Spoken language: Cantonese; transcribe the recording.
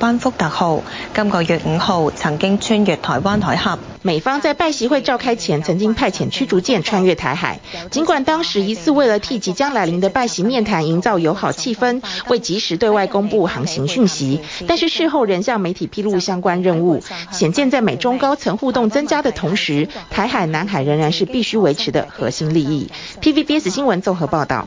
班福特號今個月五號曾經穿越台灣海峽，美方在拜習會召開前曾經派遣驅逐艦穿越台海，儘管當時疑似為了替即將來臨的拜習面談營造友好氣氛，未及時對外公布航行訊息，但是事後仍向媒體披露相關任務，顯見在美中高層互動增加的同時，台海南海仍然是必須維持的核心利益。PVBs 新聞綜合報導。